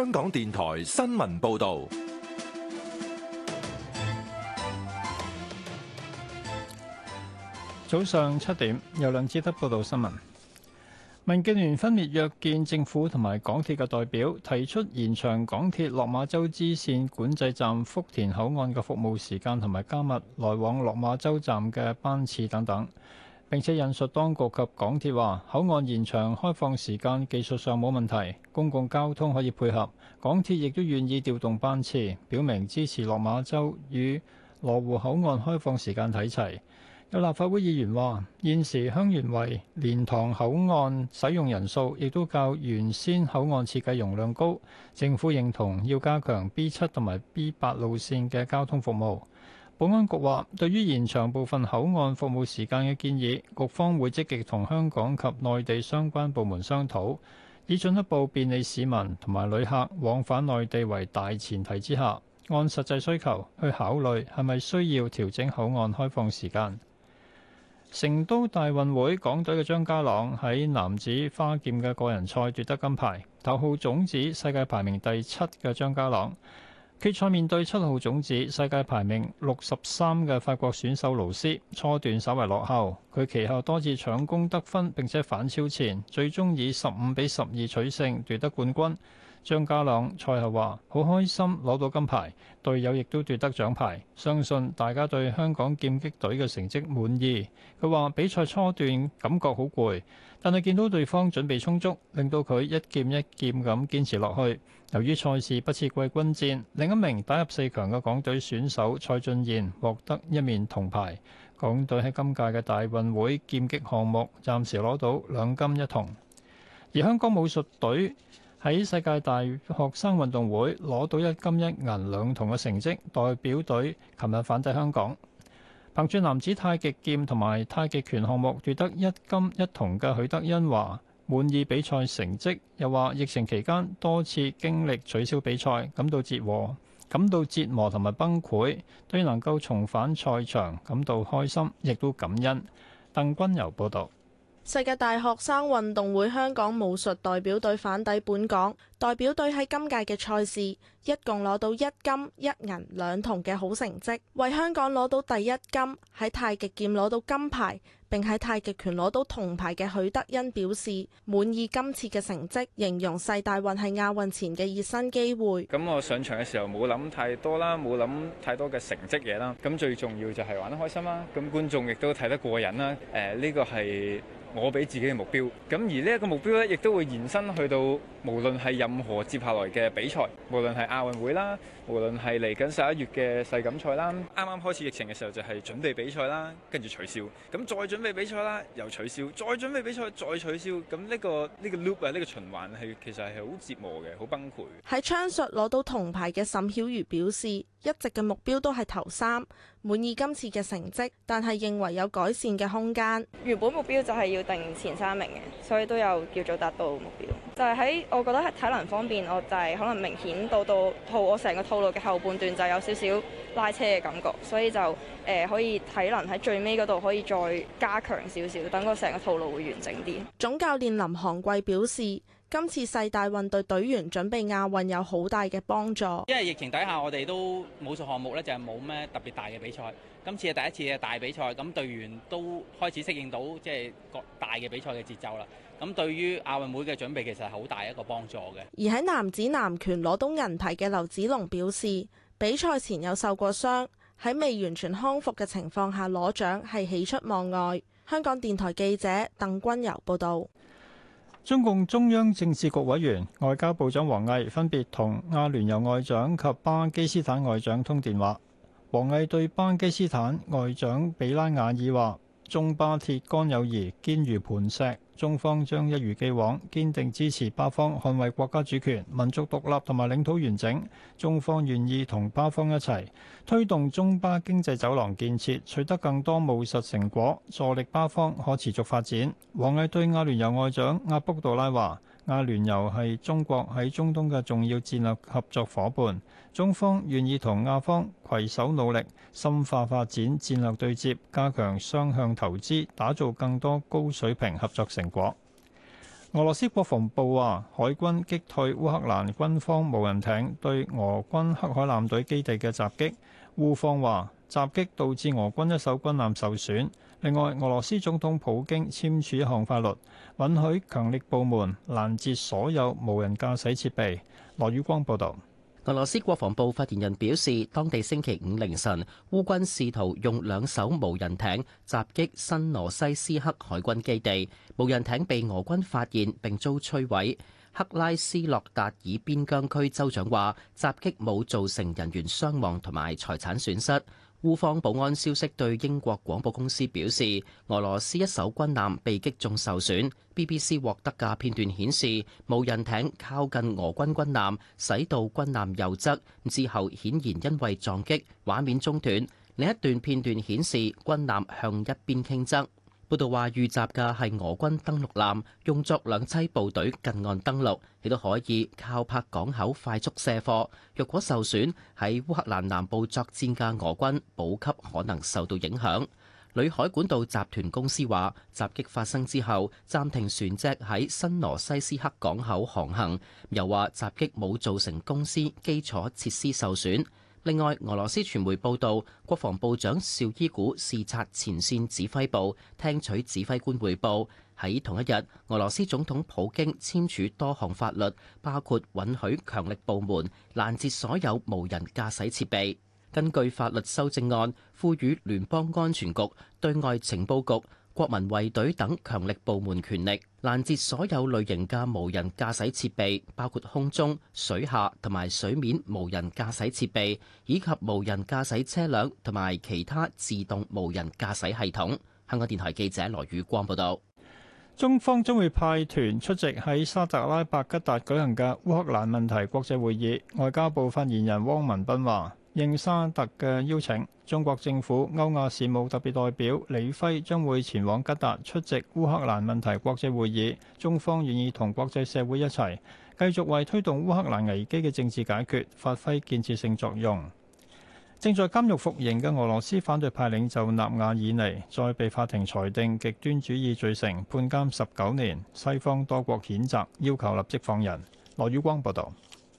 香港電台新聞報道，早上七點由梁志德報道新聞。民建聯分別約見政府同埋港鐵嘅代表，提出延長港鐵落馬洲支綫管制站福田口岸嘅服務時間，同埋加密來往落馬洲站嘅班次等等。並且引述當局及港鐵話：口岸延長開放時間技術上冇問題，公共交通可以配合。港鐵亦都願意調動班次，表明支持落馬洲與羅湖口岸開放時間睇齊。有立法會議員話：現時香園圍、蓮塘口岸使用人數亦都較原先口岸設計容量高，政府認同要加強 B 七同埋 B 八路線嘅交通服務。保安局話，對於延長部分口岸服務時間嘅建議，局方會積極同香港及內地相關部門商討，以進一步便利市民同埋旅客往返內地為大前提之下，按實際需求去考慮係咪需要調整口岸開放時間。成都大運會港隊嘅張家朗喺男子花劍嘅個人賽奪得金牌，頭號種子、世界排名第七嘅張家朗。決賽面對七號種子、世界排名六十三嘅法國選手盧斯，初段稍為落後，佢其後多次搶攻得分並且反超前，最終以十五比十二取勝，奪得冠軍。張家朗賽後話：好開心攞到金牌，隊友亦都奪得獎牌，相信大家對香港劍擊隊嘅成績滿意。佢話比賽初段感覺好攰，但係見到對方準備充足，令到佢一劍一劍咁堅持落去。由於賽事不設季軍戰，另一名打入四強嘅港隊選手蔡俊賢獲得一面銅牌。港隊喺今屆嘅大運會劍擊項目暫時攞到兩金一銅，而香港武術隊喺世界大學生運動會攞到一金一銀兩銅嘅成績，代表隊琴日返抵香港。憑住男子太極劍同埋太極拳項目奪得一金一銅嘅許德欣話，滿意比賽成績，又話疫情期間多次經歷取消比賽感到折磨，感到折磨同埋崩潰，對能夠重返賽場感到開心，亦都感恩。鄧君柔報道。世界大學生運動會香港武術代表隊返抵本港。代表隊喺今屆嘅賽事，一共攞到一金一銀兩銅嘅好成績，為香港攞到第一金。喺太極劍攞到金牌，並喺太極拳攞到銅牌嘅許德欣表示滿意今次嘅成績，形容世大運係亞運前嘅熱身機會。咁我上場嘅時候冇諗太多啦，冇諗太多嘅成績嘢啦。咁最重要就係玩得開心啦。咁觀眾亦都睇得過癮啦。誒、呃、呢、這個係。我俾自己嘅目標咁，而呢一個目標咧，亦都會延伸去到無論係任何接下來嘅比賽，無論係亞運會啦，無論係嚟緊十一月嘅世錦賽啦。啱啱開始疫情嘅時候就係準備比賽啦，跟住取消咁再準備比賽啦，又取消再準備比賽再取消咁呢、呢個呢個 loop 啊，呢、呢個循環係、呢個、其實係好折磨嘅，好崩潰。喺槍術攞到銅牌嘅沈曉瑜表示。一直嘅目標都係頭三，滿意今次嘅成績，但係認為有改善嘅空間。原本目標就係要定前三名嘅，所以都有叫做達到目標。就係、是、喺我覺得喺體能方面，我就係可能明顯到到套我成個套路嘅後半段就有少少拉車嘅感覺，所以就誒、呃、可以體能喺最尾嗰度可以再加強少少，等個成個套路會完整啲。總教練林韓貴表示。今次世大運對隊，隊員準備亞運有好大嘅幫助，因為疫情底下我哋都武術項目咧就係冇咩特別大嘅比賽，今次係第一次嘅大比賽，咁隊員都開始適應到即係各大嘅比賽嘅節奏啦。咁對於亞運會嘅準備其實係好大一個幫助嘅。而喺男子南拳攞到銀牌嘅劉子龍表示，比賽前有受過傷，喺未完全康復嘅情況下攞獎係喜出望外。香港電台記者鄧君遊報導。中共中央政治局委員、外交部長王毅分別同阿聯酋外長及巴基斯坦外長通電話。王毅對巴基斯坦外長比拉瓦爾話，中巴鐵杆友誼堅如磐石。中方將一如既往堅定支持巴方捍衛國家主權、民族獨立同埋領土完整。中方願意同巴方一齊推動中巴經濟走廊建設，取得更多務實成果，助力巴方可持續發展。王毅對阿聯酋外長阿卜杜拉話。阿聯酋係中國喺中東嘅重要戰略合作伙伴，中方願意同亞方攜手努力，深化發展戰略對接，加強雙向投資，打造更多高水平合作成果。俄羅斯國防部話，海軍擊退烏克蘭軍方無人艇對俄軍黑海艦隊基地嘅襲擊。烏方話。襲擊導致俄軍一艘軍艦受損。另外，俄羅斯總統普京簽署一項法律，允許強力部門攔截所有無人駕駛設備。羅宇光報導。俄羅斯國防部發言人表示，當地星期五凌晨，烏軍試圖用兩艘無人艇襲擊新羅西斯克海軍基地。無人艇被俄軍發現並遭摧毀。克拉斯洛達爾邊疆區州長話，襲擊冇造成人員傷亡同埋財產損失。烏方保安消息對英國廣播公司表示，俄羅斯一艘軍艦被擊中受損。BBC 獲得嘅片段顯示無人艇靠近俄軍軍艦，駛到軍艦右側之後，顯然因為撞擊，畫面中斷。另一段片段顯示軍艦向一邊傾側。報道話，遇襲嘅係俄軍登陸艦，用作兩棲部隊近岸登陸，亦都可以靠泊港口快速卸貨。若果受損，喺烏克蘭南部作戰嘅俄軍補給可能受到影響。裏海管道集團公司話，襲擊發生之後暫停船隻喺新羅西斯克港口航行，又話襲擊冇造成公司基礎設施受損。另外，俄羅斯傳媒報導，國防部長邵伊古視察前線指揮部，聽取指揮官匯報。喺同一日，俄羅斯總統普京簽署多項法律，包括允許強力部門攔截所有無人駕駛設備。根據法律修正案，賦予聯邦安全局對外情報局、國民衛隊等強力部門權力攔截所有類型嘅無人駕駛設備，包括空中、水下同埋水面無人駕駛設備，以及無人駕駛車輛同埋其他自動無人駕駛系統。香港電台記者羅宇光報道。中方將會派團出席喺沙特拉伯吉達舉行嘅烏克蘭問題國際會議。外交部發言人汪文斌話。應沙特嘅邀請，中國政府歐亞事務特別代表李輝將會前往吉達出席烏克蘭問題國際會議。中方願意同國際社會一齊，繼續為推動烏克蘭危機嘅政治解決發揮建設性作用。正在監獄服刑嘅俄羅斯反對派領袖納瓦爾尼再被法庭裁定極端主義罪成，判監十九年。西方多國譴責，要求立即放人。羅宇光報道。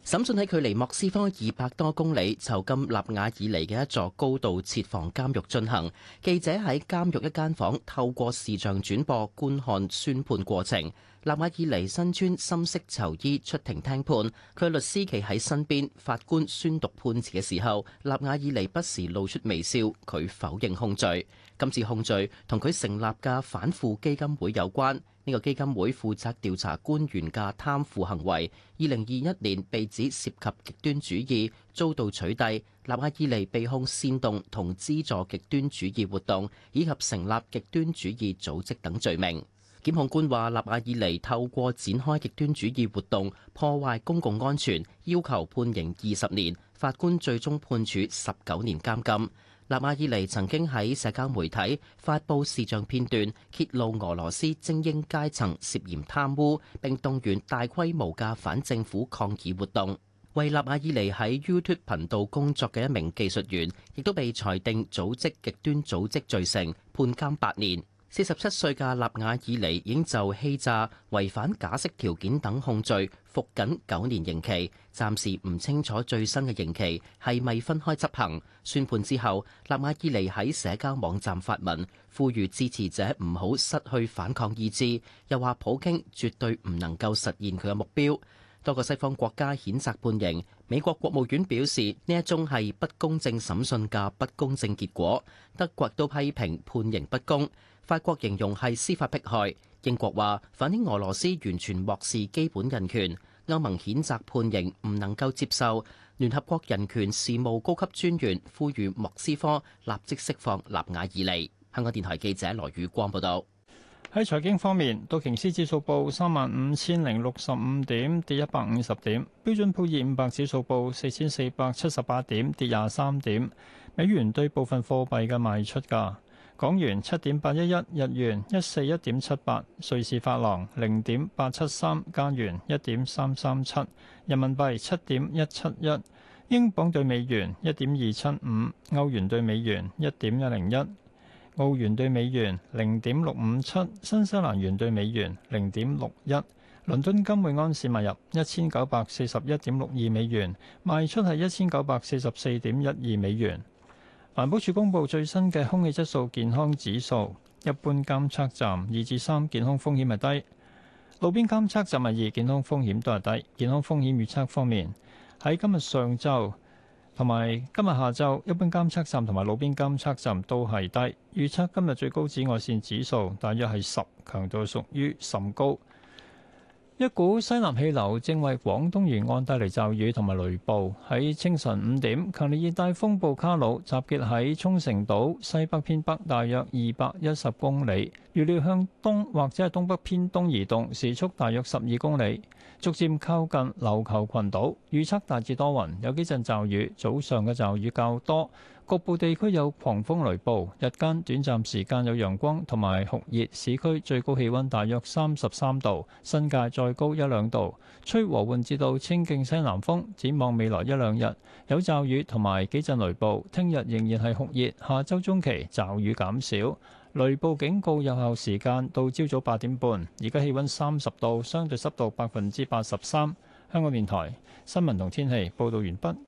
審訊喺距離莫斯科二百多公里、囚禁納瓦爾尼嘅一座高度設防監獄進行。記者喺監獄一間房透過視像轉播觀看宣判過程。納瓦爾尼身穿深色囚衣出庭聽判，佢律師企喺身邊。法官宣讀判詞嘅時候，納瓦爾尼不時露出微笑。佢否認控罪。今次控罪同佢成立嘅反腐基金會有關。呢個基金會負責調查官員嘅貪腐行為，二零二一年被指涉及極端主義，遭到取締。納瓦爾尼被控煽動同資助極端主義活動，以及成立極端主義組織等罪名。檢控官話納瓦爾尼透過展開極端主義活動破壞公共安全，要求判刑二十年。法官最終判處十九年監禁。納瓦爾尼曾經喺社交媒體發布視像片段，揭露俄羅斯精英階層涉嫌貪污，並動員大規模嘅反政府抗議活動。為納瓦爾尼喺 YouTube 頻道工作嘅一名技術員，亦都被裁定組織極端組織罪成，判監八年。四十七歲嘅納瓦爾尼已經就欺詐、違反假釋條件等控罪服緊九年刑期，暫時唔清楚最新嘅刑期係咪分開執行。宣判之後，納瓦爾尼喺社交網站發文，呼籲支持者唔好失去反抗意志，又話普京絕對唔能夠實現佢嘅目標。多個西方國家譴責判刑，美國國務院表示呢一宗係不公正審訊嘅不公正結果，德國都批評判刑不公。法國形容係司法迫害，英國話反映俄羅斯完全漠視基本人權。歐盟譴責判刑，唔能夠接受。聯合國人權事務高級專員呼籲莫斯科立即釋放納瓦爾尼。香港電台記者羅宇光報道。喺財經方面，道瓊斯指數報三萬五千零六十五點，跌一百五十點。標準普爾五百指數報四千四百七十八點，跌廿三點。美元對部分貨幣嘅賣出價。港元七點八一一，日元一四一點七八，瑞士法郎零點八七三，加元一點三三七，人民幣七點一七一，英鎊對美元一點二七五，歐元對美元一點一零一，澳元對美元零點六五七，新西蘭元對美元零點六一，倫敦金每安士賣入一千九百四十一點六二美元，賣出係一千九百四十四點一二美元。環保署公布最新嘅空氣質素健康指數，一般監測站二至三健康風險係低，路邊監測站係二健康風險都係低。健康風險預測方面，喺今日上晝同埋今日下晝，一般監測站同埋路邊監測站都係低。預測今日最高紫外線指數大約係十，強度屬於甚高。一股西南氣流正為廣東沿岸帶嚟驟雨同埋雷暴。喺清晨五點，強烈熱帶風暴卡魯集結喺沖繩島西北偏北，大約二百一十公里，預料向東或者係東北偏東移動，時速大約十二公里，逐漸靠近琉球群島。預測大致多雲，有幾陣驟雨，早上嘅驟雨較多。局部地區有狂風雷暴，日間短暫時間有陽光同埋酷熱，熱市區最高氣温大約三十三度，新界再高一兩度，吹和緩至到清勁西南風。展望未來一兩日有驟雨同埋幾陣雷暴，聽日仍然係酷熱，下周中期驟雨減少，雷暴警告有效時間到朝早八點半。而家氣温三十度，相對濕度百分之八十三。香港電台新聞同天氣報導完畢。